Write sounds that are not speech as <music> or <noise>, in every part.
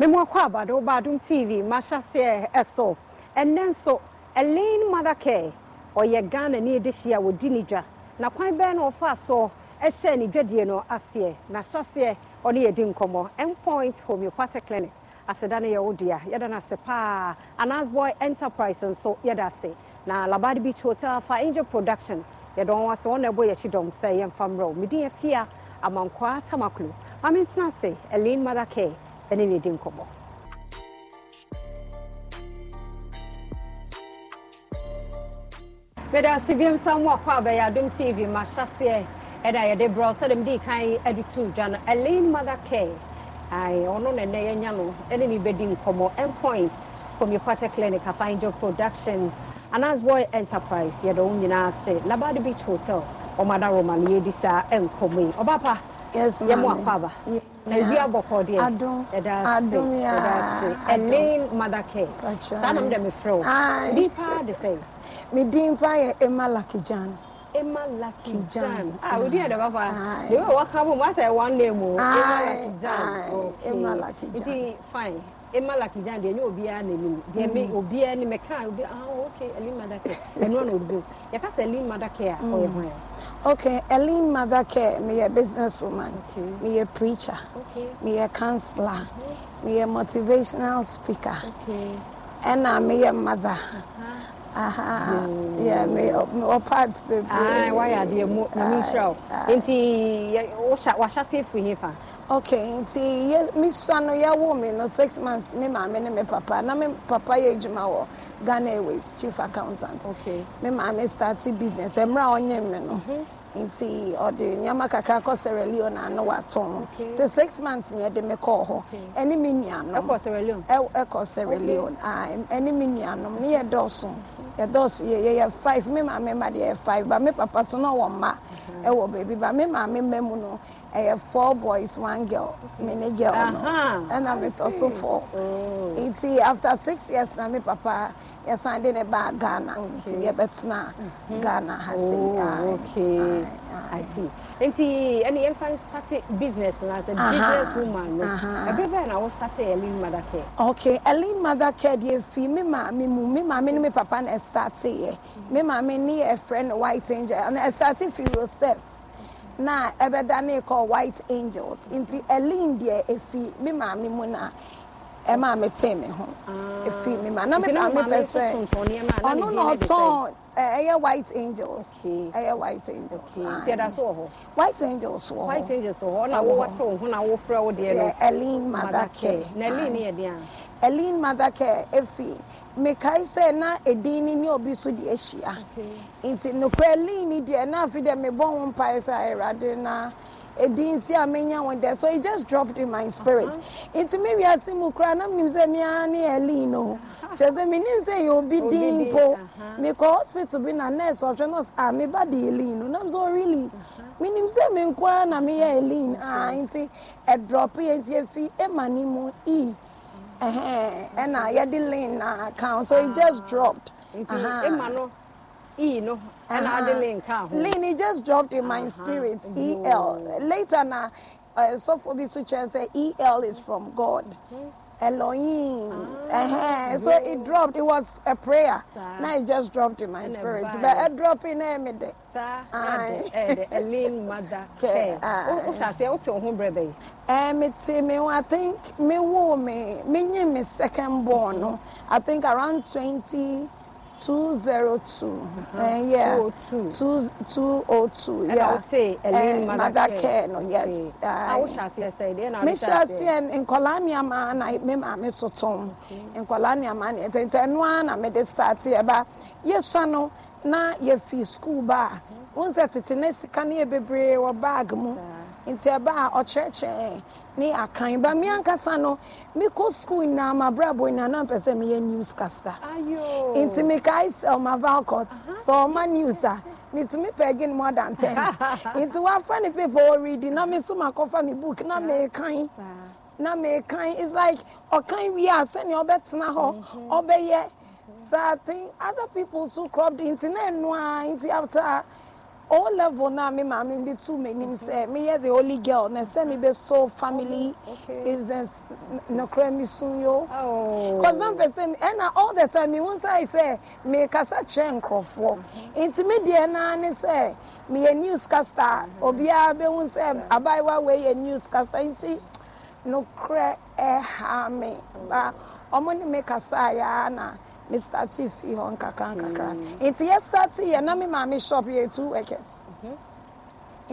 memu akɔ abade wo tv mahyɛseɛ ɛso ɛnɛ nso elaine mother care ɔyɛ ghana ne yɛde a wɔdi ne dwa na kwan bɛɛ na ɔfa soɔ ɛhyɛ ne dwadie no aseɛ na hyɛseɛ ɔne yɛdi nkɔmmɔ mpoint homeopathic clinic aseda no yɛwo dea yɛda no ase paa anasboy enterprise nso yɛda ase na labade beach hotel fa angel production yɛdɔ wɔn ase wɔn na ɛbɔ yɛkyi dɔm sɛ yɛmfa mmerɛ wo medin amankwa tamaklo ma mentena ase elaine mother care ɛne ne e. di nkɔmmɔ mede ase biam sa mu akɔ a bɛyɛ adom tv mahyɛseɛ ɛna yɛde brɛ sɛde mede kan ade to dwa no alane mother care ae ɔno ne nnɛ yɛnya no ɛne ne bɛdi nkɔmmɔ mpoint comupate clinic afanjo production anasboy enterprise yɛde wo nyinaa ase labade beach hotel ɔmada roman yɛdi saa nkɔmmɔ yi ɔbapa yɛmo akɔ aba yes, na ebi abɔkɔ deɛ ɛda ase ɛda ase ɛlin madake saa nam dɛ mefrɛ wo din paa de sɛ me din paa yɛ ema lakijan ema lakijan a wodi yɛ dɛba paa de wei wɔka bom asɛ one name o ema lakijan ok lakijan nti fine ɛma laki dan deɛ ɛnyɛ obiara na anim deɛ me obiara ni mɛka obi mm-hmm. ah ok elin mother care ɛno na obi yɛka sɛ elin mother care a ɔyɛ hwan okay elin mother care meyɛ business woman meyɛ preacher okay. meyɛ counselor okay. meyɛ motivational speaker okay. ɛna meyɛ mother. Aha. Mm. Yeah, me o parts bebree. Ah, why are they mo me show? Enti wo sha wo safe here fa. Okay, nti yɛ mesua no yɛwo me no six months me maame ne me papa na me papa yɛ adwuma wɔ ghana airways chief accountant okay. me maame starte business mmerɛ a ɔnyɛ me no mm-hmm. nti ɔde nneɛma kakra kɔ sierra leone ano watɔn nti six months yɛ de me kɔɔ hɔ ɛne me nuanom ɛkɔ sierra leone ɛkɔ e, sierra leone ɛne me nuanom ne yɛ dɔɔso yɛdɔɔso yɛ yɛyɛ five me maame ma deɛ yɛ five ba me papa so na ɔwɔ mma mm-hmm. ɛwɔ e baabi ba me maame mma mu no ɛyɛ four boys one girl mini girl no ɛna mi tɔ so four oh. nti after six years na mi papa yɛsan de ne ba ghana nti yɛbɛtena mhm. ghana ha se oh, i see nti ɛna yɛmfa n start business na sɛ business woman no ɛbɛrɛ bɛyɛ na wɔ start ɛlin mother care. okay ɛlin mother care deɛ fi mi maame mu mi maame ne mi papa na ɛstart yɛ mi maame ne yɛ ɛfrɛ no white angel ɛna ɛstart fi rosette na ɛbɛda ne kɔ white angels nti ɛlin deɛ efi mi maame mu na ɛma e mi tee mi ho ah. efi mi ma na mi maame pɛ sɛ ɔno na ɔtɔn e ɛyɛ e, white angels ɛyɛ white angels ti ɛda so wɔ hɔ white angels wɔ hɔ white angels wɔ hɔ na wɔwɔ te wo ho na wofra wo deɛ no ɛlin mother care na ɛlin ni yɛ deɛ ɛlin mother care efi mekae sɛ na ɛdin ni ne obi so de ahyia nti nokorɛ ni deɛ na afi deɛ mebɔ ho mpaeɛ sɛ awurade na ɛdin si a menya wo dɛ so it just dropped in my spirit uh-huh. nti me wiase mu koraa na menim sɛ meara ne yɛ no <laughs> kyɛ sɛ menim sɛ yɛ obi din mpo uh-huh. mekɔ hospital bi na nurse ɔhwɛ no a ah, meba de yɛ lin no nam sɛ ɔreli oh, uh-huh. menim sɛ me nkoa na meyɛ lin ah, a nti ɛdrɔpe yɛ nti ɛfi ɛma ne mu e Uh-huh. And I had the link uh, account so it ah. just dropped. nti uh-huh. ema eh, no And no ɛna I link ka ho. link it just dropped in my uh-huh. spirit oh. el later na uh, So for me to say el is from god. Elohim. Ah, uh-huh. So it dropped. It was a prayer. Now it just dropped in my spirit. But I drop in every day. Sir, Elohim mother. Okay. <laughs> Oh, shall say, what's eh, Me me, I think me wo me me me second born. I think around twenty. two zero two. Uh, yeah. Two oh two. Two two oh Yeah. And I would say Ellen uh, eh, Mother Care. No, yes. Okay. Ah, ah, I wish I see say then I wish I see and in Kolania man I me ma so tom. In Kolania man it's in one. I made it start here eh, but Yes, no. Na ye fi school ba. Mm-hmm. Won se tete ne sika ne bebree wo bag mu. Nti e bar, or church eh ne akan ba mi ankasa no mi kɔ sukuu um, na ma brabo na na mpɛ mi yɛ news caster nti mi ka ayi sɛ ɔma valcot sɛ ɔma news a uh, mi tu mi pɛ gin more than ten nti wafra ne paper wɔ reading na mi so ma kɔfa mi book na mi kan na mi kan it's like ɔkan wi a sɛni ɔbɛtena hɔ ɔbɛyɛ certain other people so cropped nti na ɛnua nti after o level na mi maame bi tu m'anim sɛ meyɛ the only girl na sɛ mi bɛ so family oh, okay. business nokora mi sun yo oh. cause eh, na mpɛ sɛ ɛna all the time mi hun sɛ sɛ mi kasa kyerɛ nkorɔfoɔ nti mi deɛ naa ne sɛ mi yɛ news caster mm-hmm. obiara bɛ hun sɛ abaayewa wei yɛ news caster nti nokora ɛha e mi ba ɔmo ne mi kasa yɛ ana. Mr. start fi hɔ nkakra nkakra hmm. nti yɛ start yɛ na me maame shop yɛ two workers mhm.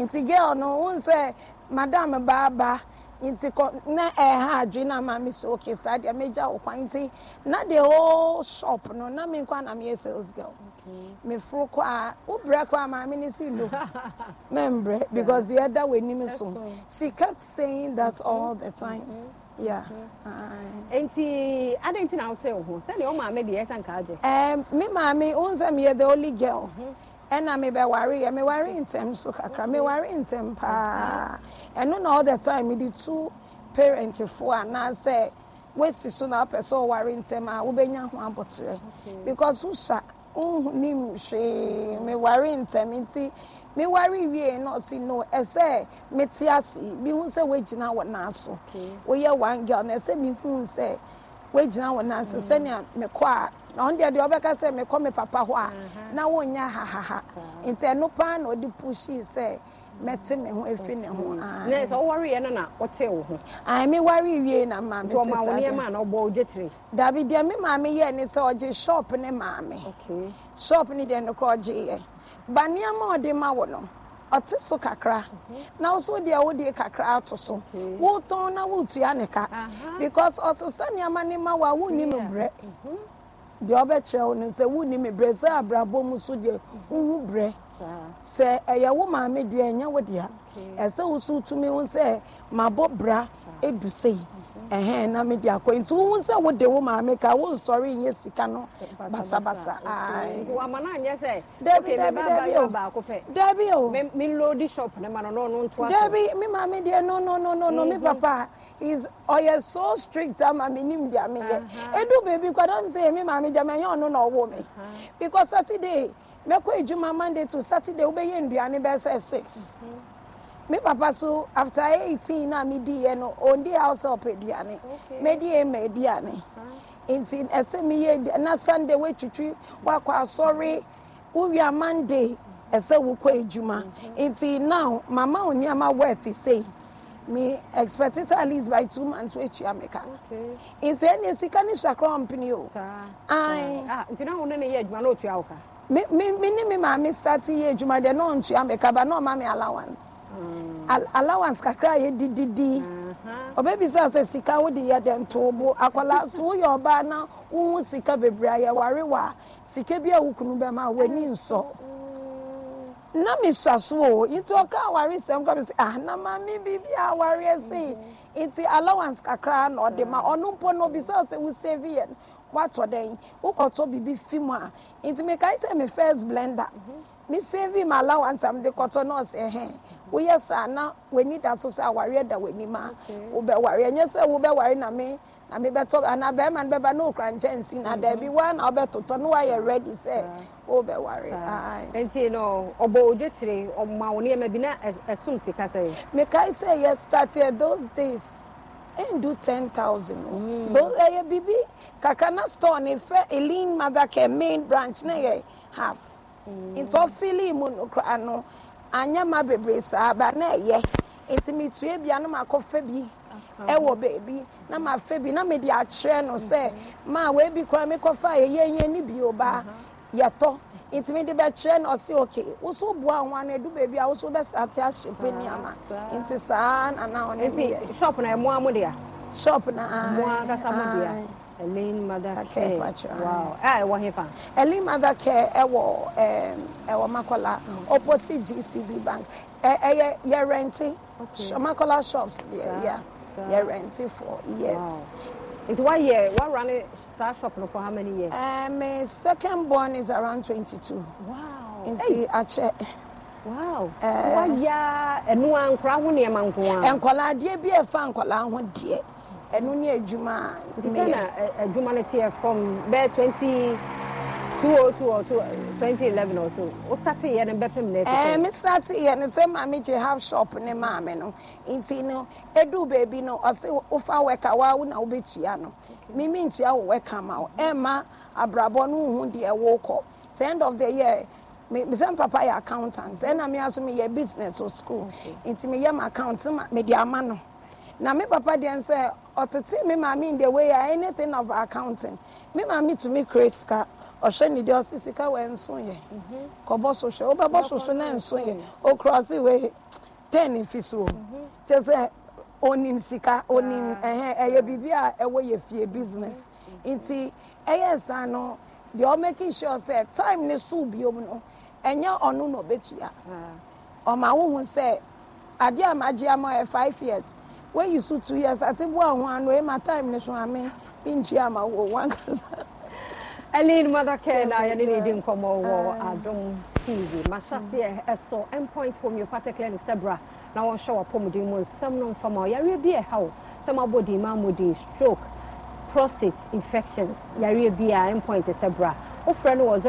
nti girl no hun sɛ madam baaba nti kɔ na ɛha eh, adwi na maame so okay saa deɛ megya wo kwan nti na the whole shop no na me nkɔ na meyɛ sales girl me foro kɔ a wobrɛ kɔ a maame ne si no <laughs> membrɛ because the other way, anim so she kept saying that mm-hmm. all the time. Mm -hmm. Yeah. Uh-uh. Enti, I didn't know tell who. Send your mammy, yes, and Kaja. Um, me, mammy, owns me the only girl. And I may be worried, I may worry in them, so I may worry in them, pa. And not all the time, me the two parents for, and I say, West is soon up, so worry in them, I will be young because who shot, oh, Nim, she may worry in them, mewarewieɛ na ɔse no ɛsɛ mete ase mehu sɛ woagyina wɔ naaso woyɛ one girl na ɛsɛ mehu sɛ woagyina wɔ naaso sɛnea mekɔ a na ɔno deɛ deɛ ɔbɛka sɛ mekɔ me papa hɔ mm-hmm. a na wonyɛ hahaha nti ɛno paa na ɔde pushii sɛ mɛte me ho ɛfiri ne ho sɛ wowɔreyɛ no na wotee wo ho ae meware wie na maame ɔma wo nneɛma na ɔbɔ wogye tire dabi deɛ me maame yɛɛ ne sɛ ɔgye shop ne maame shop ne deɛ no korɔ ɔgyeeɛ ba nneɛma a ɔde ma wɔ no kakra na nso deɛ wodeɛ kakra ato so wotɔn na wotua ne ka because ɔsesa nneɛma ne ma a wonni me brɛ mm-hmm. deɛ ɔbɛkyerɛ wo no sɛ wonni me brɛ sɛ abrabɔ mu so deɛ mm-hmm. wohu brɛ sɛ ɛyɛ wo maame deɛ ɛnyɛ wo dea ɛsɛ wo so wotumi sɛ mabɔ bra ɛdu ɛhɛn na mi di akɔ nti wohun sɛ wo de wo maame ka wo nsɔre nye sika no basabasa ayi. nti wàmà náà nyɛ sɛ debi debi. Debi bá yọ baako o mi lóòdì shop ne ma no n'onu ntu aso dɛbi mi maame deɛ no no no no no mi mhm. papa is ɔyɛ so strict ama mi nim deɛ mi yɛ edu beebi kɔ dɔm sɛ mi maame jɛ mɛ yɛn ɔno na ɔwɔ mi because saturday mɛkɔ edwuma monday to saturday wobɛyɛ nduane bɛsɛ six. Mm -hmm me papa so after 18 na me di yɛ no ɔndi house help aduane me di yɛ ma aduane nti ɛsɛ me yɛ na sunday wetwitwi wakɔ asɔre wowia monday ɛsɛ wokɔ adwuma nti now mama wo nneɛma worth say. me expected at least by two months wetua me ka nti ɛne sika ne sakora mpini o nti na wo ne ne yɛ adwuma na otua wo ka me ne me maame start yɛ adwuma deɛ na ɔntua me meka. ba na ɔma me allowance allowance kakra yɛ dididi ɔbɛbisa mhm. sɛ sika wode yɛ dɛ ntoobo akwala so woyɛ ɔbaa na wohu sika bebree a yɛware wɔ sika bi a wokunu bɛma a w'ani nsɔ na mesua so o nti ɔka aware sɛm kɔ me sɛ ah na maame biribi a awareɛ sei mhm. nti allowance kakra na ɔde ma ɔno mpo no obisa sɛ wo save yɛ woatɔ dɛn wokɔtɔ biribi fi mu a nti mekae sɛ me first blender mhm. me save my allowance a mede kɔtɔ nɔɔse ɛhɛn woyɛ saa na w'ani da so sɛ awareɛ da w'anim a wobɛware ɛnyɛ sɛ wobɛware na me na me bɛtɔ ana bɛrima no bɛba na okura nkyɛnsi na mm-hmm. daabi wa na ɔbɛtotɔ na wayɛ ready sɛ wobɛware nti no ɔbɔ odwo tiri ɔma wo nneɛma bi na ɛsom sika sɛ mekae sɛ yɛ started those days ndu ten thousand o mm. ɛyɛ biribi kakra na store ne fɛ elin mother care main branch na yɛ mm. half mm. nti ɔfili mu no koraa no. anyɛ ma bebree saa ba na ɛyɛ nti metue bia no makɔfa bi ɛwɔ baabi na mafa bi na mede akyerɛ no sɛ ma weebi koraa mekɔfa a ɛyɛ ni ne bio baa uh-huh. yɛtɔ nti mede bɛkyerɛ no ɔse ok woso boa ho ano adu baabi a woso bɛsate ahye pɛ nneɛma nti saa nana ɔne nti shop na ɛmoa mo dea shop na moa ankasa mo dea Elaine Mother Care. Wow. Ah, ɛwɔ he fa? Elaine Mother Care ɛwɔ ɛwɔ Makola mm. opposite GCB bank. Ɛyɛ yɛ renti. Makola shops deɛ yeah. Yɛ renti for years. It's one year. One running star shop for how many years? Um, eh, my second born is around 22. Wow. Nti akyɛ. Wow. Uh, so wayɛ ɛnu ankora ho nneɛma nko a. Nkɔla adeɛ bi ɛfa nkɔla ho deɛ ɛno ne adwuma nti sɛ na adwuma no teɛ from bɛɛ 20 2002 or 2011 or so wo start yɛ no bɛpem na ɛte me start yɛ no sɛ maame gye half shop ne maame no nti no ɛduu baabi no ɔse wofa wɛka waa wo na wobɛtua no mimi ntua wo wɛka ma wo ɛma abrabɔ no wohu deɛ wokɔ the end of the year mesɛm papa yɛ accountant ɛna me aso meyɛ business wɔ school nti meyɛ m account mede ama no na me papa deɛ sɛ ɔtete me maame in the way a anything of accounting me maame tumi create sika ɔhwɛ ne deɛ ɔsi sika wɔ nso yɛ mhm. kɔbɔ so hwɛ wobɛbɔ so so na nso yɛ okurɔsi wei ten fi so mhm. kyɛ sɛ onim sika onim ɛhɛn ɛyɛ biribi a ɛwɔ yɛ fie business mhm. nti ɛyɛ san no deɛ ɔmɛki sure sɛ time ne so omo. no ɛnyɛ ɔno na ɔbɛtua ɔmo ahohu sɛ adeɛ a magye ama yɛ five years when you so two years ati bu ahun ano e ma time ne so ame bi ntu ama wo wan kasa. ɛne mother care na yɛne ne di nkɔmmɔ wɔ adom tv mahyɛseɛ ɛso mpoint homeopathic clinic Sebra. sɛ bra na wɔnhwɛ wɔpɔmuden mu nsɛm no mfa ma wo yareɛ bi ɛhaw sɛm abɔdin ma mmɔden stroke prostate infections yareɛ bi a mpoint sɛ bra wofrɛ no wɔ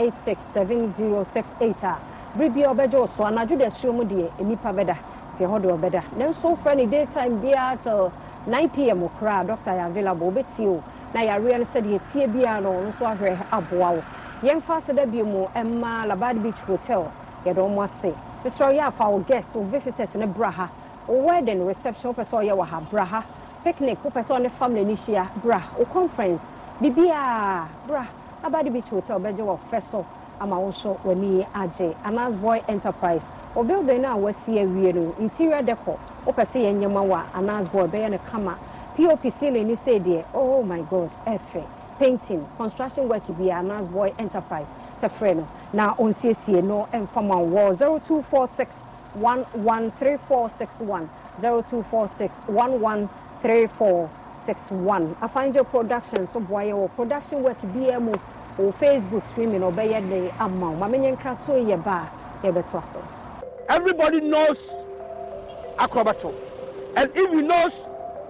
0244867068 a bere bia wɔbɛgye wo so anadwo da suo mu deɛ nnipa bɛda nti ɛhɔ deɛ ɔbɛda nanso wofrɛ no daytime biara till 9pm koraa doctor yɛ available wobɛtie o na yɛareɛ no sɛdeɛ tie biara no ɔno nso ahwerɛ aboa wo yɛmfa ase da bio mu ɛma labad beach hotel yɛde ɔmo ase Mr. yɛ afa wo guest wo visitors ne bra ha wo wedding reception wopɛ sɛ ɔyɛ wɔ ha bra ha picnic wopɛ sɛ ɔne family no hyia bra wo conference biribiaa bra labad beach hotel bɛgye wɔ fɛ so ama wo nso w'ani agye anas boy enterprise o building no a wɔasi awie no interior decor wopɛ sɛ yɛn nyɛma wɔ anas boy bɛyɛ no kama pop ceiling ni sɛ deɛ oh my god ɛfɛ painting construction work bi a anas boy enterprise sɛ frɛ no na ɔnsiesie no mfa ma wɔ 0246 113461 0246 113461 afanjo production so boayɛ wɔ production work biaa mu o facebook streaming ɔbɛyɛ de ama o maame nye nkra to yɛ ba a yɛbɛto aso. everybody knows akrobato and if you know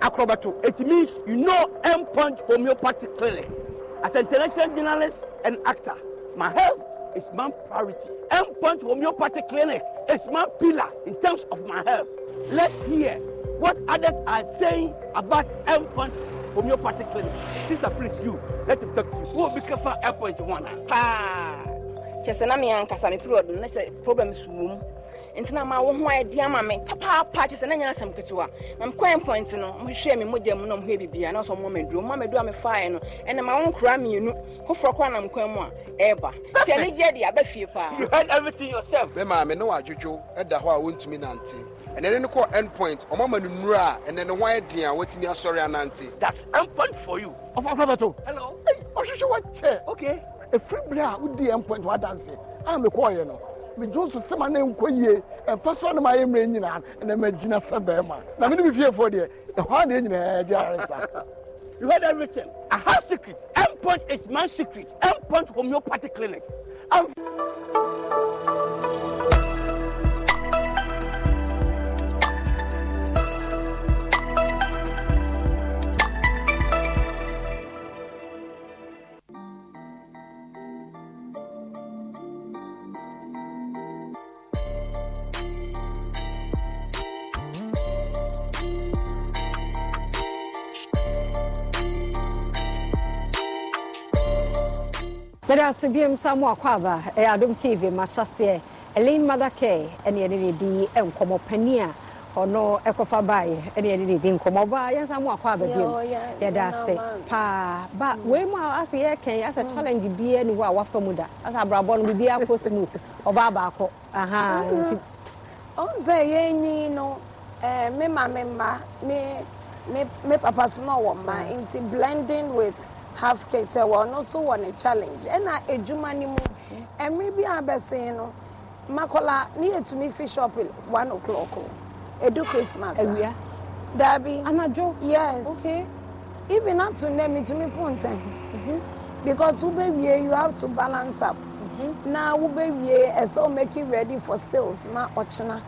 akrobato it means you know m punch homeopathy clinic as an international journalist and actor my health is my priority m punch homeopathy clinic is my pillar in terms of my health let's hear what others are saying about endpoint homeopathic clinic sister please you let him talk to you Who will be careful ho point one? kyɛ sɛ na me ankasa me period no na sɛ problem so wɔ mu nti na ma wo ho ayɛ de ama me papaapa kyɛ sɛ na nyɛ asɛm ketewa na mekɔ endpoint no mohwehwɛ me mogya mu na mohwɛ bibia na sɛ moma maduro moma maduro a mefaeɛ no ɛnam a wo nkora mmienu foforɔ kɔ anam kwan mu a ɛreba nti ɛne gye de aba fie paa you heard everything yourself me maame ne wadwodwo ɛda hɔ a wontumi nante ɛnɛ ne kɔ end point ɔmo ama no nura a ɛnɛ ne ho ayɛ den a watumi asɔre anante. that's end point for you. ɔfɔ afɔ bɛ to. hello. ɛyi ɔhwehwɛ wa kyɛ. okay. efiri bere a wodi end point wa danse a ah, mi kɔɔ yɛ no mi jo so sema ne nkɔ yie ɛpɛ so anam ayɛ mmerɛ nyinaa ɛnɛ mɛ gyina sɛ bɛrima na mi ni mi fie fo deɛ ɛhɔ adeɛ nyinaa ɛgye aresa. you heard everything i have secret end point is my secret end point homeopathy clinic. I'm... mede asebie nsa mu aba ɛyɛ adom tv mahyɛseɛ mother madake ɛne ɛne ne di nkɔmmɔ pani a ɔno ɛkɔfa baeɛ ɛne ɛne ne di nkɔmmɔ ɔbaa yɛnsa mu akwaba biom yɛda ase paa ba wei mu a ase yɛkɛn asɛ challenge biaa ne hɔ a wafa mu da asɛ abrabɔ no biribiaa kɔ smooth eh, ɔba baakɔ aha nti ɔnsɛ yɛnyi no me ma me mma me papa so no ɔwɔ ma nti blending with half kit ɛwɔ ɔno nso wɔ ne challenge ɛna edwuma ne mu ɛmiri bi abɛsen no makola ne yɛtumi fi shopping one o'clock edu christmas ah. a ewia daabi anadwo yes okay even up to now mitumi pon ten because wobɛwie you have to balance up na wobɛwie ɛsɛ o make you ready for sales ma ɔkyena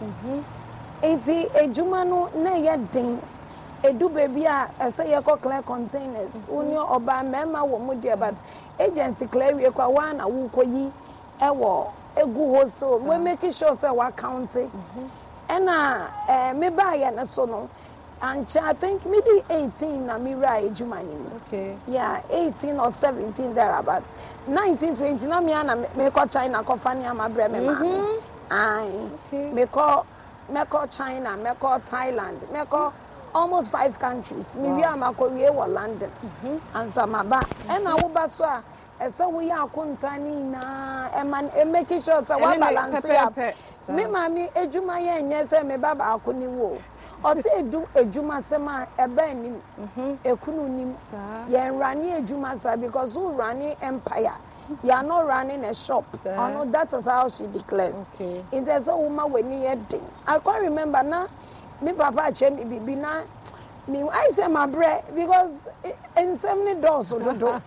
nti edwuma no na ɛyɛ den edu baabi a ɛsɛ yɛkɔ clear containers mhm. wone ɔbaa mmarima wɔ mu deɛ but agent clear wie kora waa na wokɔyi ɛwɔ egu hɔ so we make sure sɛ wakaunte mhm. ɛna ɛɛ me baa yɛ ne so no ankyɛ i think me di eighteen na mi ra adwuma ne mu okay yeah eighteen or seventeen there about nineteen twenty na mi ana na kɔ china kɔfa ne ama brɛ me maame mhm. ayi me kɔ mɛkɔ china mɛkɔ thailand mɛkɔ. Mm -hmm almost five countries mi wi wɔ london ansamaba ɛna woba so a ɛsɛ woyɛ akonta ne nyinaa ɛma ɛmɛkyi sure sɛ wabalanse up me maame adwuma yɛ nyɛ sɛ me ba baako ne wo ɔsɛ <laughs> edu adwuma sɛm a ɛbɛn nim mm-hmm. ekunu nim yɛn rani adwuma sa because wo rani empire you are not running a shop ɔno that is how she declares nti ɛsɛ wo ma wɔ ani yɛ den i can remember na mi papa akyerɛ mi biribi na mi ayi sɛ ma brɛ because nsɛm ne dɔɔso dodo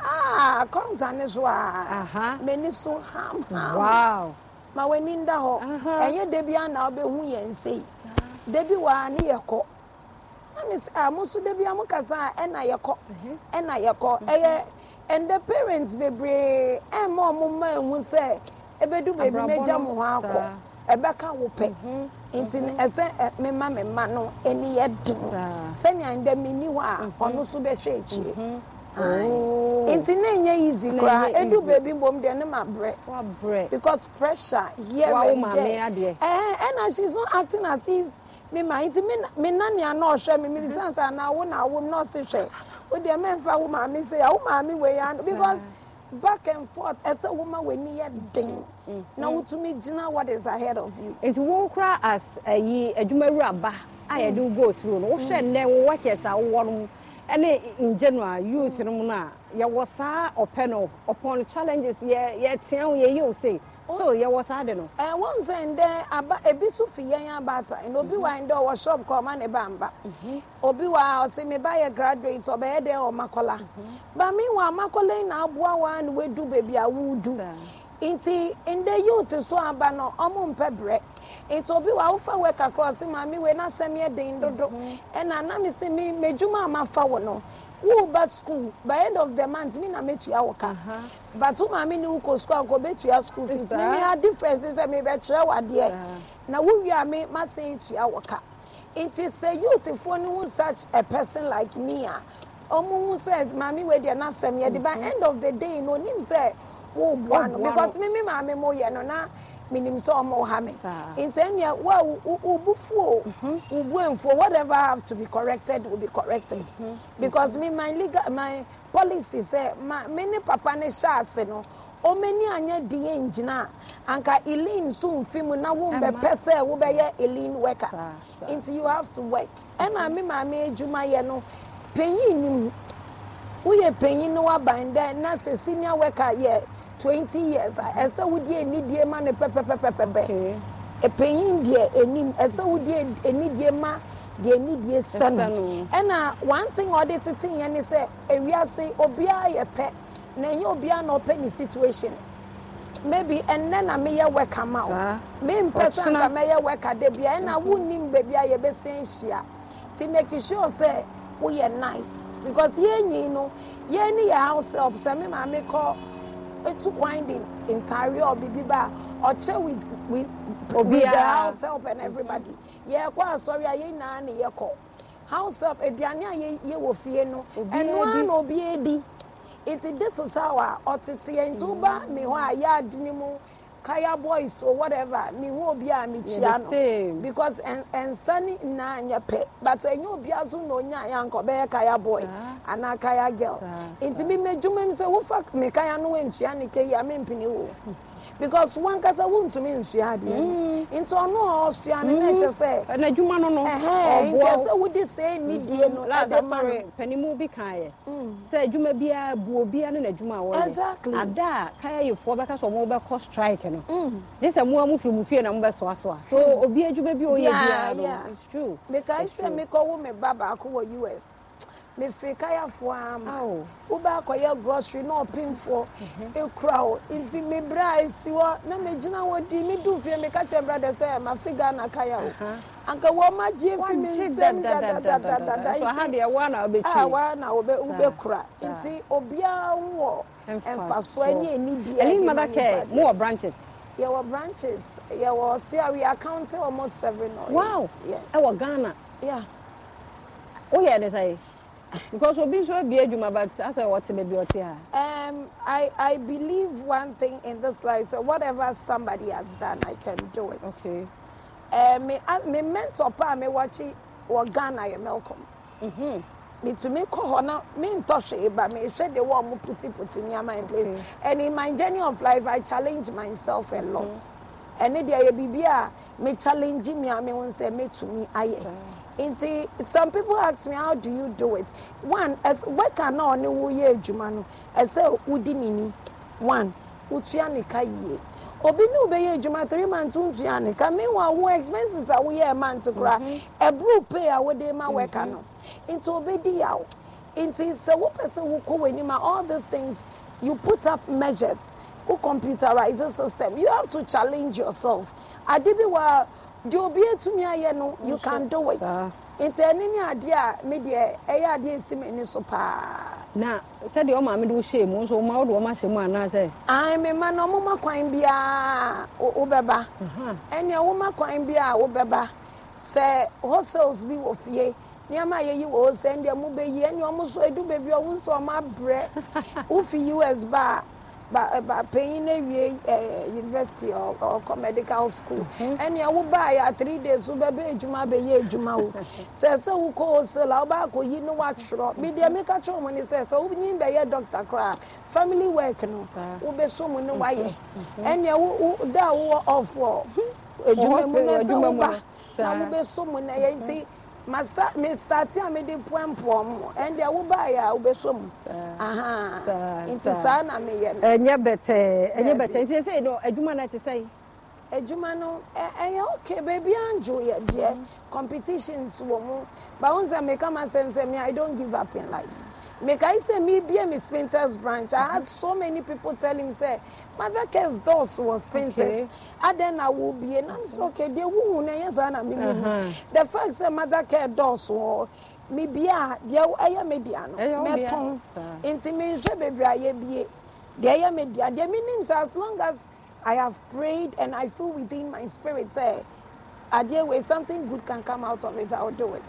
aa kɔnta ne so aa m'ani so ham ham ma w'ani nda hɔ ɛyɛ de bi ana ɔbɛhu yɛn sei de bi waa ne yɛ kɔ na mi sɛ a mo so de bi a mo kasa a ɛna yɛ kɔ ɛna yɛ kɔ ɛyɛ ɛnda parents bebree ɛma ɔmo mma ehu sɛ ebedu beebi n'egya mo ho akɔ ɛbɛka wo pɛ mhm. nti ɛsɛ mhm. mema me no ani yɛ den sɛnea ndɛ menni hɔ a ɔno so bɛhwɛ akyire nti na enye easy koraa edu beebi mbom deɛ ne ma brɛ because pressure here and there ɛɛ ɛna she is not acting as if mi ma nti mi na nea na ɔhwɛ mi mi bisansa na awo na awo na ɔsi hwɛ o deɛ mɛnfa wo maame se awo maame wei ya because back and forth ɛsɛ woma w'ani yɛ den na mm-hmm. wotumi gyina what is ahead of you. nti wo kura as ayi adwumawura ba a yɛde mm. go through no wohwɛ nnɛ wo workers a wowɔ no ɛne in general youth no mu no a yɛwɔ saa ɔpɛ no ɔpɔn challenges yɛteɛ ho yɛyɛ o sei so yɛwɔ saa de no. ɛ wɔn nsɛn dɛ aba ebi so fi yɛn abata na obi wa mm-hmm. ndɛ ɔwɔ shop kɔ ɔma ne ba mba mm-hmm. obi wa ɔsi mi ba yɛ graduate ɔbɛyɛ dɛ ɔmakɔla mm-hmm. bami wa amakɔla yi na aboa wa na wedu beebi a wudu nti ndɛ youth so aba no ɔmo mpɛ brɛ nti obi wa awofa wɛ kakra ɔsi maami wɛ n'asɛm yɛ den dodo ɛna anam si mi medwuma ama fa wɔ no wo ba school by end of the month mi na metua wɔ ka. Uh-huh. but wo maame ne wo kɔ sukuu a nkɔbɛtua sukuu fees mimi a difference sɛ mebɛkyerɛ wo adeɛ na wowie a me masen tua wɔ ka nti sɛ youthfoɔ no hu such a person like me a ah. ɔmo hu sɛ maame wei deɛ n'asɛm yɛde ba mm-hmm. end of the day no onim sɛ woboa no because mimi maame mo yɛ no na minim sɛ ɔmo ha me nti ɛnua wo a wobu fuo mm-hmm. wobu mfuo whatever have to be corrected will be corrected mm-hmm. because me my legal my policy sɛ ma me ne papa ne hyɛ ase no ɔmani anyɛ deɛ ngyina anka elin so mfi mu na wombɛpɛ sɛ wobɛyɛ elin worker nti you have to work ɛna mm-hmm. me maame adwuma yɛ no panyin nim woyɛ panyin no waban dɛ na sɛ senior worker yɛ twenty years ɛsɛ wodi anidie ma no pɛpɛpɛpɛpɛ panyin deɛ anim ɛsɛ wodi anidie ma. Okay deɛ ni deɛ sɛ no ɛna one thing ɔde tete yɛn ni sɛ ewiase obiara yɛ pɛ na enye obiara na ɔpɛ ne situation maybe ɛnɛ na meyɛ work ama o me mpɛ sɛ nka mɛyɛ work ade bia ɛna mhm. wunnim baabi a yɛbɛsɛn hyia ti make sure sɛ woyɛ nice because yɛn nyi no yɛn ni yɛ house help sɛ me maame kɔ etu kwan de ntaare ɔbibi ba ɔkyɛ with with with the house help and everybody. Mm -hmm yɛkɔ asɔre a yɛn nyinaa na yɛkɔ house up aduane a yɛwɔ fie no ɛnoa na obi edi nti this is how a ɔtete yɛn nti woba mi hɔ a yɛ adini mu kaya boys or whatever mi hu obi a mi kyia no because nsani nyinaa nyɛ pɛ but ɛnyɛ obi aso na onya yankɔ bɛyɛ kaya boy ana kaya girl nti bi mɛ dwuma mi sɛ wofa mi kaya no wɔ ntua ne ke mi mpini wo. <laughs> because wankasa wontumi nsua adeɛ mm. nti ɔno a ɔsua no na ɛkyɛ sɛ na juma no no ɔboa sɛ wode sɛ nidie no ɛdɛ ma no panimu bi kaeɛ sɛ adwuma biara buo biara ne juma mm. a wɔyɛ ada mm. a kaya yɛfoɔ bɛka sɛ ɔmo bɛkɔ strike no gye sɛ moa mo firi mu fie na mo bɛsoasoa so obi adwuma bi a ɔyɛ biara no it's true mekae sɛ mekɔwo me ba baako wɔ us mefiri kayafoɔ ama woba akɔyɛ grocery na ɔpemfoɔ ekura o nti me bra esi hɔ na me gyina hɔ di me du fie me ka kyerɛ brada sɛ ma fi ghana kaya o anka wɔn ma gye fi mi nsɛm dadadadada nti aha deɛ na ɔbɛ tue a wɔn na ɔbɛ ɔbɛ kura nti obiara wɔ mfasoɔ ɛni ɛni bia ɛni mada kɛ mu wɔ branches yɛwɔ branches yɛwɔ si a we are counting almost seven or eight wow ɛwɔ ghana yeah woyɛ ɛdɛ sɛ yi because obi nso ebi edwuma but asɛ wɔte baabi ɔte ha. Um, I, I believe one thing in this life so whatever somebody has done I can do it. Okay. Uh, me uh, me mentor pa me wɔkye wɔ Ghana yɛ Malcolm. Mm-hmm. metumi kɔ hɔ na mentɔ hwee ba mehwɛ de wɔ puti putiputi nneɛma in place and in my journey of life I challenge myself a lot ɛne mm-hmm. deɛ yɛ biribi a me challenge me a me ho sɛ metumi ayɛ. Okay nti some people ask me how do you do it one as worker náà ni wọ́n yẹ adwuma no ẹsẹ wọ́di nìní one wotua nìka yie obi ní wọ́bẹ̀yẹ adwuma three months wotua nìka meanwhile wọ́n expenses a wọ́yẹ ẹ̀ month kura ẹ̀bùrù pay a wọ́de ma worker no mm-hmm. nti obi di yà wọ́ nti sẹ wọ́n pẹ̀sẹ̀ wọ́n kọ́ wọ́n anim all these things you put up measures wọ́n computerize the system you have to challenge yourself Adi adibi wa deɛ obi atumi ayɛ no you can do it nti ɛne ne adeɛ a me deɛ ɛyɛ adeɛ esi m'ani so paa. na sɛdeɛ ɔmaa mi de wohyɛ mu nso ɔma ɔde ɔma hyɛ mu anaasɛ. ayi mi ma na ɔmoma kwan biara wobɛba ɛnna ɔmoma kwan biara wobɛba sɛ hostels bi wɔ fie nneɛma a yɛyi wɔ hɔ sɛ ɛnna ɔmo bɛyi ɛnna ɔmo so edu beebi ɔmo nso ɔmo abrɛ <laughs> wofi us baa ba eh, ba panyin na wie ɛɛ eh, university ɔkɔ medical school ɛnni mm-hmm. ɛwo baa three days wo bɛ bɛ edwuma bɛ yɛ edwuma wo sɛ <laughs> sɛ wo kɔ hostel a wo baa kɔ yi ne wa twerɔ mi deɛ kyerɛ wɔn ni sɛ sɛ wo nyi doctor koraa family work no wo bɛ so mu ne wa yɛ ɛnni ɛwo wo da wo wɔ off wɔ mm-hmm. mu na sɛ wo na wo so mu na yɛ nti. Mm-hmm. Master, Mr. Tiamidi Pwempom, and the Ubaya Ubesum. Aha, into Sana me. And your better, and your better. And you say, no, a woman to say. A Jumano, eh, okay, baby, enjoy it, dear. Competitions, woman. Bounce and make come and say, me, I don't give up in life. Make I say, me, be a Miss Splinter's branch. I had mm-hmm. so many people tell him, say, my vehicle's doors was painted adana wo bie na nso okay deɛ wuhu na ɛyɛ saa na mi mu the fact sɛ mother care doors wɔ mi bia deɛ aye, mi dia no mɛtɔn nti mi nhwɛ bebree ayɛ bie deɛ ɛyɛ mi dia deɛ mi nim sɛ as long as i have prayed and i feel within my spirit sɛ adeɛ wei something good can come out of it i will do it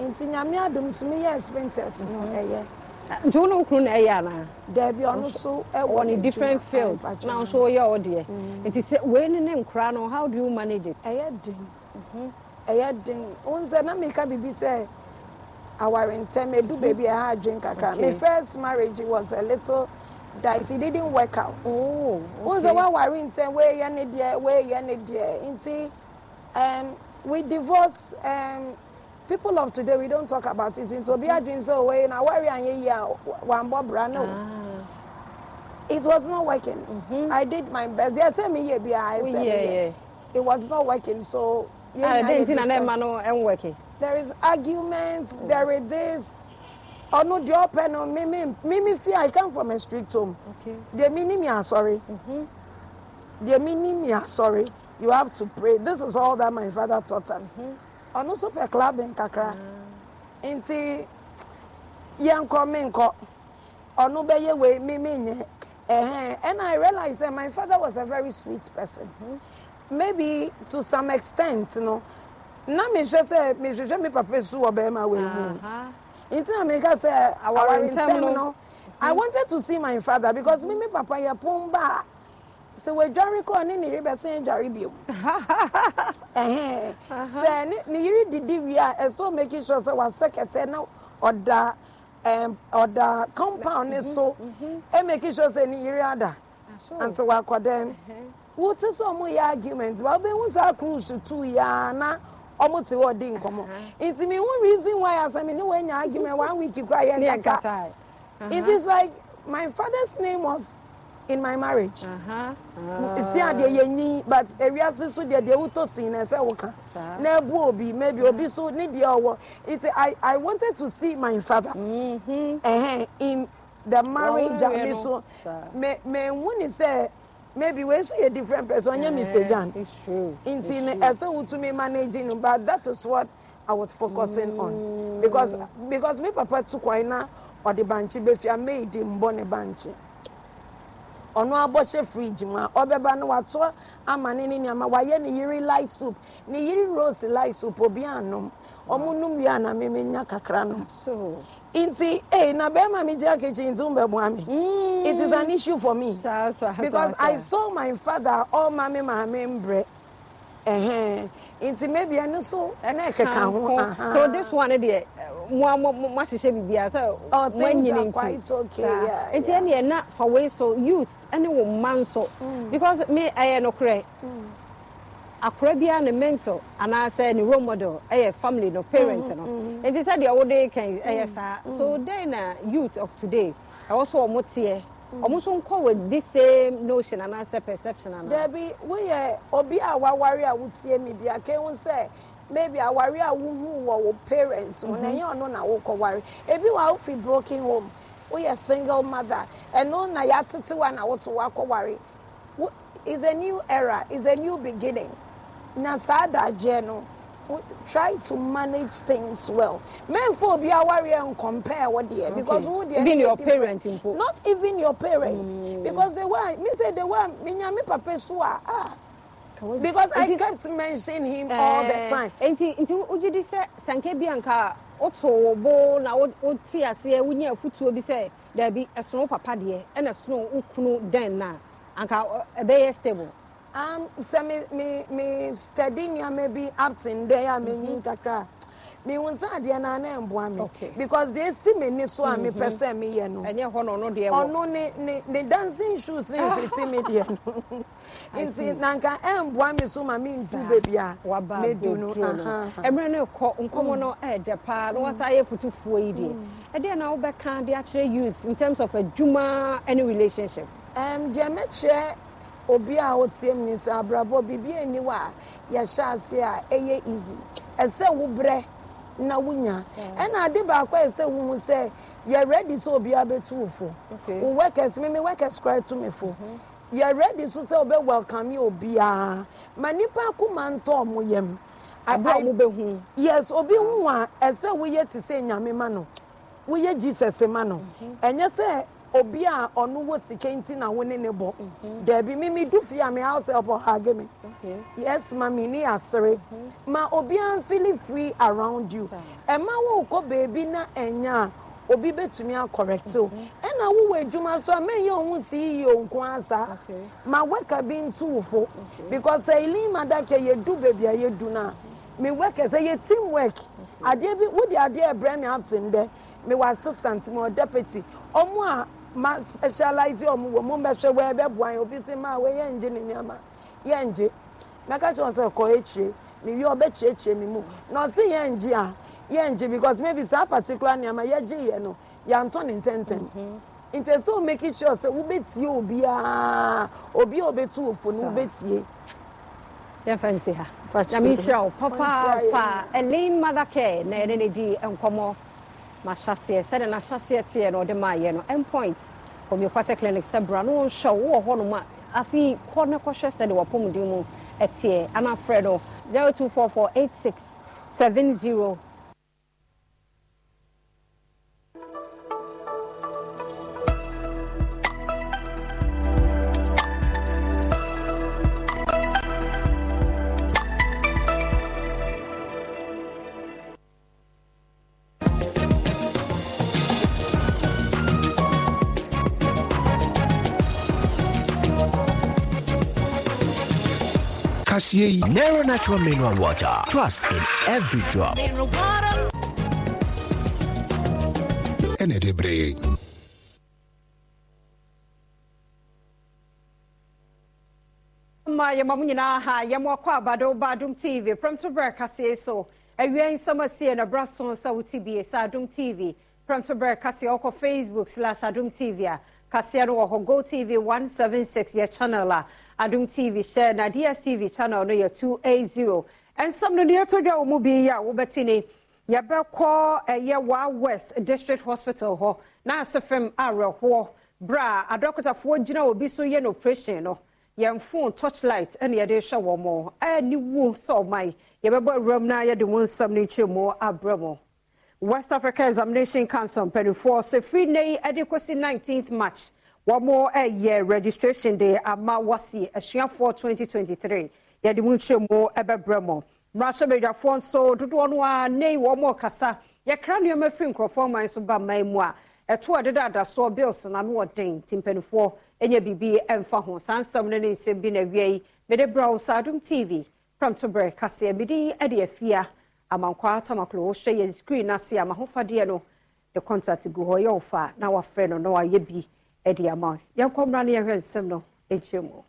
nti nyame adum sumi yɛ expenses no ɛyɛ. Mm nti wo ne wo kuro na ɛyɛ ɔno so wɔ ne different field na nso woyɛ wo deɛ mm. nti sɛ wei ne ne nkora no how do you manage it ɛyɛ den mm-hmm. ɛyɛ den wo sɛ na meka biribi sɛ awarentɛm edu baabi a ha adwen kakra my first marriage was a little dice it didn't work out oh, wo wa woaware ntɛm woeyɛ ne deɛ woeyɛ ne deɛ nti um, we divorce um, people of today we don't talk about it nti obi adwin sɛ owe na awari anyi yi a wambɔ no it was not working mm -hmm. i did my best deɛ say me yɛ bi a ɛsɛ mi yɛ it was not working so. ɛdɛ nti na ne ma no ɛnwɛki. there is argument mm. there is this ɔno deɛ ɔpɛ no mimi mimi fear. i come from a strict home deɛ mi ni mi asɔre deɛ mi ni mi sorry. you have to pray this is all that my father taught us. Mm -hmm ɔno nso pɛ clubbing kakra mm. nti yɛnkɔ me nkɔ ɔno bɛyɛ wei me menyɛ ɛhɛn and i realize that my father was a very sweet person mm-hmm. maybe to some extent no na mehwɛ sɛ mehwehwɛ me papa su wɔ bɛrima wei mu nti na meka sɛ awarentɛm no i mm-hmm. wanted to see my father because me mm-hmm. me papa yɛ pon baa sɛ wɔadware kɔɔ ne ne yere bɛsen dware bio sɛ ne yere didi wie a ɛsɛ making sure sɛ wasɛ kɛtɛ na ɔda ɔda compound ne so making sure sɛ ne yere ada ansa wakɔ dɛm wote sɛ ɔmo yɛ argument wa wobɛhu saa cruise tu yɛa na ɔmo te hɔ di nkɔmmɔ nti mehu reason why asɛ me ne woanya argument one week kora yɛnkaka it uh-huh. is like my father's name was in my marriage si adeɛ yɛ nyi but ewiase so deɛ deɛ wotɔ sin na ɛsɛ woka na ebu obi maybe obi so ne deɛ ɔwɔ it i i wanted to see my father mm -hmm. uh -huh. in the marriage ami so me me nwu ni sɛ maybe wey so yɛ different person ɔnyɛ mr jan nti ne ɛsɛ wotumi manage no but that is what i was focusing mm. on because mm. because me papa tukwan na ɔde bankye befia made mbɔ ne bankye. ọnụ abɔhyɛ fridge mu a ɔbɛba no wato ama ne ne nneɛma wayɛ yiri light soup ne yiri rose light soup obi anom ɔmo num ya na mɛmɛ nya kakra nom nti ee na bɛrima mi gyina kitchen nti mbɛ bua mi it is an issue for me sa, sa, because i saw my father ɔma mi maame mbrɛ ɛhɛn. nti maybe ɛno nso ɛna ɛkeka ho so this one deɛ mo a mo mo ahyehyɛ bibi ase mo anyini oh, nti saa nti ɛna ɛna fa wei so youth ɛne wɔn mma nso mm. because me ɛyɛ no korɛ mm. akora biara ne mentor anaasɛ ne role model ɛyɛ family no parent no mm-hmm, mm-hmm. nti sɛ deɛ wɔde kan ɛyɛ mm, saa so then na uh, youth of today ɛwɔ so wɔn teɛ ɔmo nso nkɔ wɔ the same notion anaasɛ perception anaa. dabi woyɛ obi a wawari a wotie mi bi akehu sɛ maybe awari a wohu wɔ wo parents wɔn na ɛyɛ mm-hmm. ɔno na wokɔ wari ebi wa wofi broken home woyɛ single mother ɛno na yɛatete wa na woso wakɔ wari is a new era is a new beginning na saa adagyeɛ no try to manage things well. Men for be a worry and compare what they are because who they even your parents Not even your parents mm. because they were me say they were me nyame papa so ah. ah. Because I kept mentioning him uh, all the eh, time. Enti enti uji ujidi se sanke bi anka oto bo na oti ase wunye afutuo bi se da bi esono papa de e na esono ukunu den na anka ebeye eh, stable um, sɛ me me me steady nneɛma bi aptin dɛ a menyi mhm. kakra mehu sɛ adeɛ no ana ɛmboa me okay. because deɛ si m'ani so a mhm. mepɛ sɛ meyɛ no ɔno ne ne ne dancing shoes ne mfiti me deɛ no <laughs> nti nanka ɛmboa me so ma mendu baabi a medu no ɛmerɛ no ɛkɔ nkɔmmɔ mm. no ɛɛgya paa na wɔsa mm. yɛ futufuo yi deɛ mm. ɛdeɛ na wobɛka de akyerɛ youth in terms of adwuma ne relationship um, deɛ mɛkyerɛ obi a ɔtie mu ne nsa abrabɔ biribi ani wɔ a yɛhyɛ ase a ɛyɛ easy ɛsɛ wo brɛ na wonya ɛna ade baako a ɛsɛ wo mu sɛ yɛ ready sɛ obi abɛtu wo fo wo workers mi mi workers kora tu mi fo mm-hmm. yɛ ready so sɛ ɔbɛ welcome yɛ obiara ma nipa akoma ntɔ ɔmo yɛm abira wo bɛ hu yes obi hu a ɛsɛ woyɛ te sɛ nyame ma no woyɛ jesus ma no mm-hmm. ɛnyɛ sɛ. obi a ɔno wɔ sika nti na nwunye ne bɔ mhm. Debi mimi du fi a house help ɔhage me yes mami ni asịrị. Mhm. ma obi feel free around you ɛma wo kɔ beebi na ɛnya a obi betumi akɔrɛkte o mhm. Ẹna wowɔ edwuma so a mɛnyɛ ohun si iyi o asa ma weka bi ntu wo fo because ɛyili madaka yɛ du beebi a yɛ du na mi wɛka team work adeɛ bi wodi adeɛ ɛbrɛ mi ati ndɛ mi wa assistant mi wɔ deputy ɔmo a. ma specialize ọmụ wọ mụ mbɛhwɛ wee bɛbụ anyị obi si ma wee yɛ ngye ne nneɛma yɛ ngye mɛka kyerɛ sɛ kɔ ekyire mewie ɔbɛkyerɛkyerɛ me mu na ɔsi yɛ ngye a yɛ ngye because maybe saa particular nneɛma yɛgye yɛ no yɛantɔ ne ntɛntɛn nti mm-hmm. sɛ o make sure sɛ wobɛtie obiara obi a obɛtu ofo no wobɛtie yɛmfa nsi ha nyame nhyira wo papa pa ɛlen mother care na ɛne ne di nkɔmmɔ n'ahyɛseɛ sɛdeɛ n'ahyɛseɛ teɛ no ɔde maa yɛ no endpoint homeopathic clinic sɛ bra no wɔnhyɛ wo wɔ hɔnom a afei kɔ ne kɔhwɛ sɛdeɛ wɔpɔmden mu ɛteɛ ana frɛ no 0244 86 70 this Nero Natural Mineral Water. Trust in every drop. Mineral water. Energy break. ma yɛma mo nyinaa ha yɛma ɔkɔ abado ba tv prɛmto berɛ kaseɛ so awia nsɛm asie na berɛ so sɛ wote bie sɛ adom tv prɛmto berɛ kaseɛ ɔkɔ facebook slash adom tv a kaseɛ no wɔ hɔ go tv 176 yɛ channel a ah. Adum tv share na dstv channel no yɛ 280 ɛnsɛm no deɛ ɛtɔ dwa wɔ mu bi yi a Ya be yɛbɛkɔ ɛyɛ wa west district hospital ho. na ase fam awerɛhoɔ berɛ a adɔkotafoɔ gyina obi so yɛ no operation no yɛmfo torchlight eh, ne yɛde hwɛ wɔ mo ɛni eh, wo sɛ ɔman yɛbɛbɔ awuram na yɛde wo nsɛm no nkyerɛ mu abrɛ mo west africa examination council mpanimfoɔ Force, firi nne yi 19th march wɔn ɛyɛ eh, registration day ama wɔsi asuafoɔ 2023 yɛde mu nkyɛn mu ɛbɛbrɛ mo mmarahyɛbadwafoɔ nso dodoɔ no oh, oh, a nei wɔn kasa yɛkra nneɛma firi nkurɔfoɔ man so ba man mu a ɛto a deda adasoɔ bills na ano ɔden ti oh, mpanimfoɔ ɛnyɛ biribi ɛmfa ho saa nsɛm no ne nsɛm bi na awia yi mede brɛ wo saa adom tv pramto brɛ kaseɛ mede ɛde afia amankwa tamakoro wohwɛ yɛ screen no ase a mahofadeɛ no de contact gu hɔ yɛ wo na wafrɛ no na wayɛ bi ɛde ama yɛnkɔ mmra no yɛhwɛ nsɛm no ɛkyerɛ mu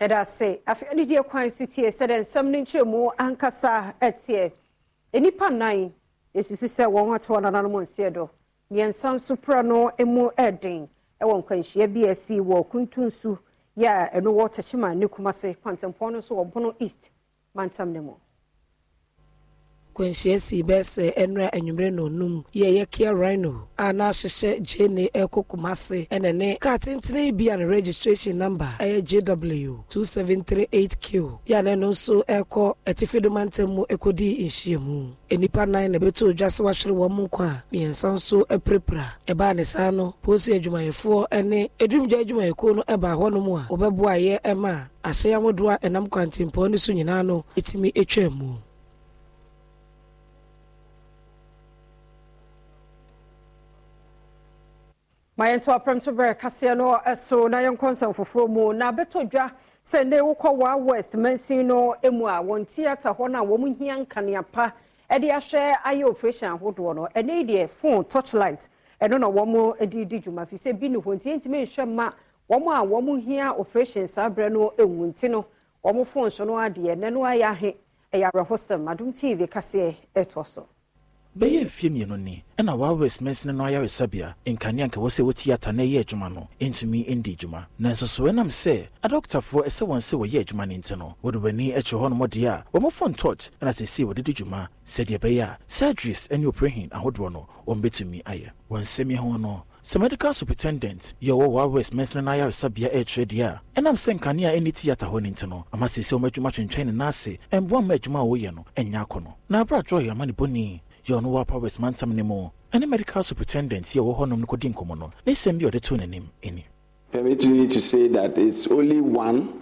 ɛda se afei anidie kwan so tie sɛdeɛ nsɛm no nkyerɛmu ankasa ɛteɛ nnipa nnan ɛsusu sɛ wɔn atoɔ nananom nseɛ do mmiɛnsa nso pra no mu ɛden ɛwɔ nkwanhyia bi a ɛsi wɔ kuntun su yɛ a ɛno wɔ tɛkyima ne kumase kwantempɔn no nso wɔ bono east mantam ne mu akwanhyia si bɛsɛ ɛnura anwummerɛ na onum yɛyɛ kia rhino a n'ahyehyɛ jane ɛkɔ kumase ɛna ne kaa tentene bi a ne registration number ɛyɛ jw two seven three eight q yɛ a n'ano nso ɛkɔ ɛtifi doma ntɛm mu ɛkɔdi nhyiamu nnipa nan na ɛbɛto odwa se wahwere wɔn mu nkwa a mmiɛnsa nso apirapira ɛbaa ne saa no polisi adwumayɛfoɔ ne adwumgya adwumayɛkuo no ɛbaa hɔnom a wɔbɛboa yɛ ɛma ahyɛn ahodoɔ a ɛnam kwantempɔn no so nyinaa no ɛtumi atwa mu ma yɛnto aprɛmto berɛ kaseɛ no so na yɛnkɔ nsɛm foforɔ mu na abɛtɔ dwa sɛ nne wokɔ wa west mansin no mu a wɔn tiata hɔ no a wɔn hia nkanea pa ahwɛ e ayɛ operation ahodoɔ no ɛne e deɛ phone torchlight ɛno e na wɔn de di dwuma fi sɛ bi ne hɔ nti yɛntumi nhwɛ ma wɔn a wɔn hia operation saa berɛ no ɛwu nti no wɔn phone so no adeɛ nne no ayɛ ahe ɛyɛ awerɛhosɛm adum tv kaseɛ ɛtɔ so bɛyɛ mfie mmienu ni ɛna wawes mɛnsene no ayaresabea nkanea nka wɔ sɛ wɔti ata na ɛyɛ adwuma no ɛntumi ndi adwuma nanso so ɛnam sɛ adɔktafoɔ ɛsɛ wɔn sɛ wɔyɛ adwuma no nti no wɔde w'ani akyerɛ hɔ nomɔdeɛ a wɔmɔfo ntɔt ɛna sɛsii wɔdede dwuma sɛdeɛ ɛbɛyɛ a surgeries ne oprehin ahodoɔ no wɔmbɛtumi ayɛ wɔn nsɛm yɛ ho no sɛ medical superintendent yɛ ɔwɔ wawes mɛnsene no ayaresabea e ɛrekyerɛ deɛ a ɛnam sɛ nkanea ɛni tiata hɔ no nti no ama sɛsɛ wɔmadwuma twentwɛn ne naase ɛmboa ma adwuma a wɔyɛ no ɛnyɛ akɔ no na aberɛ adwerɛ yɛ ama ne bɔni yɛ wɔ mantam mu ɛne medical superintendent yɛ hɔnom no kɔdi nkɔmmɔ no ne sɛm bi ɔde too n'anim ɛni permit me to say that it's only one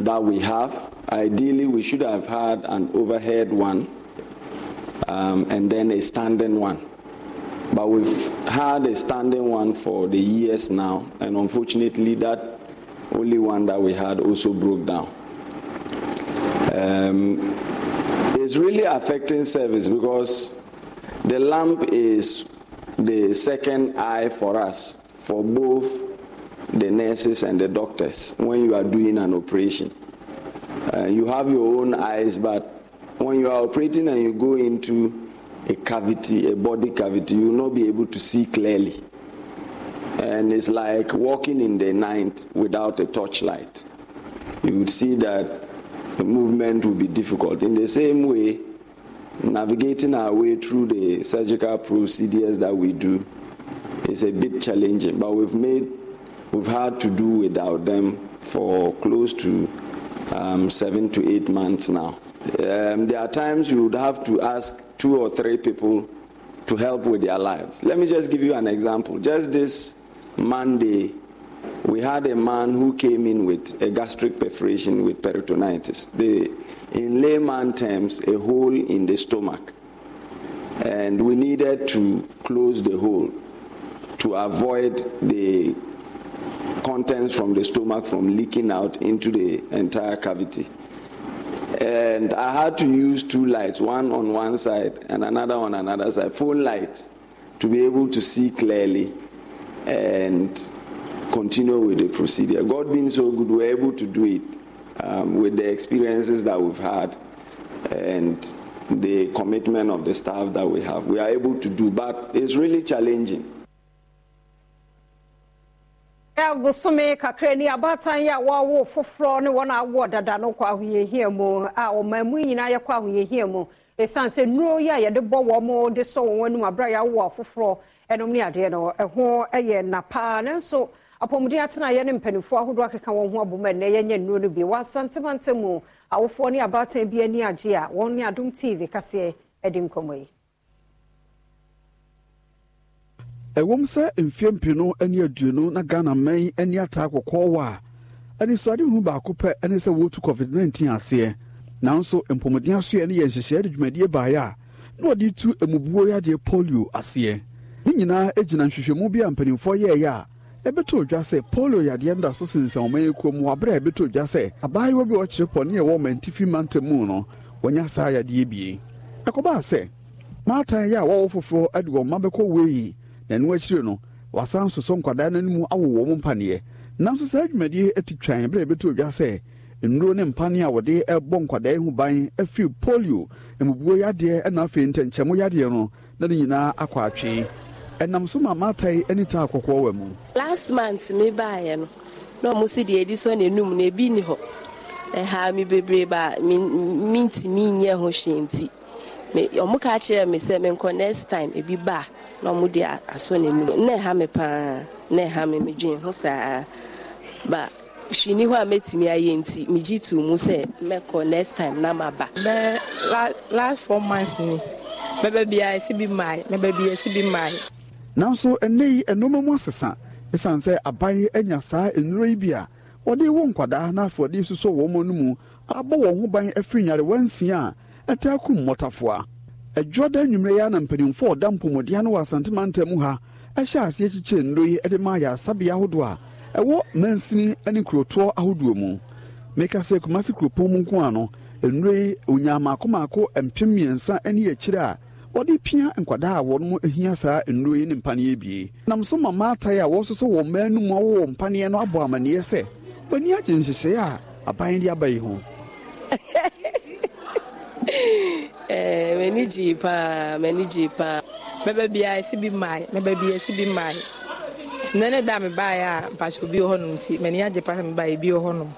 that we have ideally we should have had an overhead one um, and then a standing one but we've had a standing one for the years now and unfortunately that only one that we had also broke down um, it's really affecting service because the lamp is the second eye for us, for both the nurses and the doctors when you are doing an operation. Uh, you have your own eyes, but when you are operating and you go into a cavity, a body cavity, you will not be able to see clearly. And it's like walking in the night without a torchlight. You would see that movement will be difficult. In the same way, navigating our way through the surgical procedures that we do is a bit challenging, but we've made we've had to do without them for close to um, seven to eight months now. Um, there are times you would have to ask two or three people to help with their lives. Let me just give you an example. Just this Monday, we had a man who came in with a gastric perforation with peritonitis. The, in layman terms, a hole in the stomach. And we needed to close the hole to avoid the contents from the stomach from leaking out into the entire cavity. And I had to use two lights, one on one side and another on another side, full light, to be able to see clearly. And continue with the procedure. God being so good, we're able to do it um, with the experiences that we've had and the commitment of the staff that we have. We are able to do, but it's really challenging. kakra ni abatan yi a wɔawo foforɔ ne wɔn awo dada no kɔ mu a mu nyinaa yɛkɔ mu sɛ nnuro yi a yɛde bɔ de sɔ wɔn yɛawo ne adeɛ no ɛho yɛ ne nso apɔmuden atena yɛ ne mpanimfoɔ ahodoɔ akeka wɔn ho abom na yɛnyɛ nnuro no bi mu awofoɔ ne abaatan bi ani agye a wɔn ne adom tv kaseɛ ɛde nkɔmmɔ yi ɛwɔm sɛ mfeɛ mpenu aduonu na ghana man ani ataa kɔkɔɔ wɔ a anisoade hu baako pɛ ne sɛ covid-19 aseɛ nanso mpɔmuden asoɛ yɛ nhyehyɛeɛ de baeɛ a na wɔde tu emubuo yadeɛ polio aseɛ ne nyinaa gyina e nhwehwɛmu bi a mpanimfoɔ ɛbɛtɔ odwa sɛ polio yadeɛ nda so sensɛn ɔman yi kurom wɔ abere a ɛbɛtɔ odwa sɛ abaayewa bi ɔkyerɛ pɔne a ɛwɔ mantifi mantam mu no wɔnya saa yadeɛ bie ɛkɔbaa sɛ maatan yɛ a wɔwɔ foforɔ de wɔn mma bɛkɔ wei na ɛno akyire no wasan soso nkwadaa no anim awo wɔn mu mpaneɛ nanso saa adwumadeɛ ati twan bere a ɛbɛtɔ odwa sɛ nnuro ne mpane a wɔde ɛrebɔ nkwadaa yi ho ban afiri polio mmubuo yadeɛ ɛna afei ntɛnkyɛmu yadeɛ no na ne nyinaa akɔ atwee ɛnam so ma maatae ne taa kɔkɔɔ wɔ mu last month me baeɛ no na ɔmo si deɛ ɛdi sɔ n'anum na ebi ni hɔ ɛha mi bebree ba mi ntumi nyɛ ho hwee nti ɔmo ka kyerɛ mi sɛ mi nkɔ next time ebi ba na ɔmo de asɔ n'anum na ɛha mi paa na ɛha mi mi dwen ho saa ba hwee ni hɔ a mɛtumi ayɛ nti mi gyi mu sɛ mɛkɔ next time na ma ba. bɛɛ last four months ni mɛbɛ bi a ɛsi bi maa mɛbɛ ɛsi bi maa. nanso ɛnɛ yi nneɛma mu asesa ɛsiane sɛ aban anya saa nnuro yi bi a wɔde wɔ nkwadaa n'afɔ de soso wɔn no mu abɔ wɔn ho ban afiri nyarewa nsia a ɛtaa kum mmɔtafoa adwoada nnwumire yi ana mpanimfoɔ ɔda mpɔmɔdeɛ no wɔ asantemanta ntam ha ɛhyɛ aseɛ kyekyere nnuro yi de ma yɛasabea ahodoɔ a ɛwɔ mansini ne kurotoɔ ahodoɔ mu meka sɛ kumase kuropɔn mu nko ano nnuro yi onyaamaako maako mpem mmiɛnsa ne akyire a wɔde pia nkwadaa a wɔn ahia saa nnuro yi ne mpaneɛ bie nam so mama atae a wɔsoso wɔn mmaa no mu a wɔwɔ mpaneɛ no abɔ amanneɛ sɛ w'ani agye nhyehyɛeɛ a aban de aba yi ho <laughs> eh, m'ani gyee paa m'ani gyee paa mɛba biara ɛsi bi mmaa mɛba biara ɛsi bi mmaa sinɛ ne da mebaeɛ a mpakyɛ bi wɔ hɔnom nti m'ani agye paa sɛ mebaeɛ bi wɔ hɔnom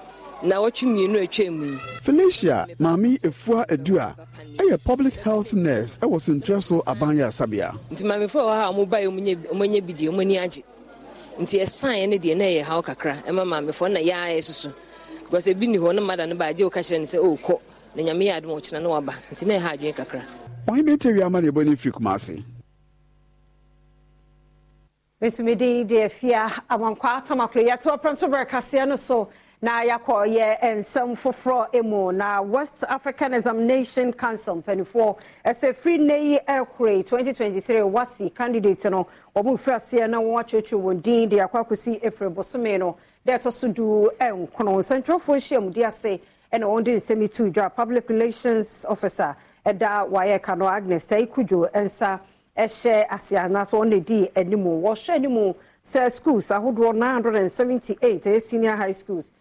na wɔtwe mmienu atwa mu yi felicia maame efua adu a ɔyɛ public health nurse ɛwɔ sontua so abanyɛ asabea nti mamefoɔ wɔ ha a ɔmobaeɛ ɔmanya bi deɛ agye nti ɛsaeɛ no deɛ na ɛyɛ haw kakra ɛma maamefoɔ na yɛa yɛ susu because ebi ni hɔ no mada no baagye woka kyerɛ no sɛ ɔrekɔ oh, na nyame yɛ adom ɔkyena na waba nti na ɛha adwene kakra ama ne kuma ase de afia amankwa atamakoro kaseɛ no so na yɛakɔyɛ nsɛm foforɔ mu na west african examination council mpanifoɔ ɛsɛ firi nne yi ɛkore 2023 wasi candidate no wɔn mfiri aseɛ na wɔn atwerɛtwerɛ wɔn din de akɔ akɔsi april bosome no de ɛtɔ so du nkono nsɛntwerɛfoɔ nhyiamdi ase ɛna wɔn de nsɛm yi to dwa public relations officer ɛda wayɛ kano no agnes ɛyikudwo nsa ɛhyɛ ase anaso wɔn na di anim wɔhwɛ anim sɛ schools ahodoɔ 978 ɛyɛ eh, senior high schools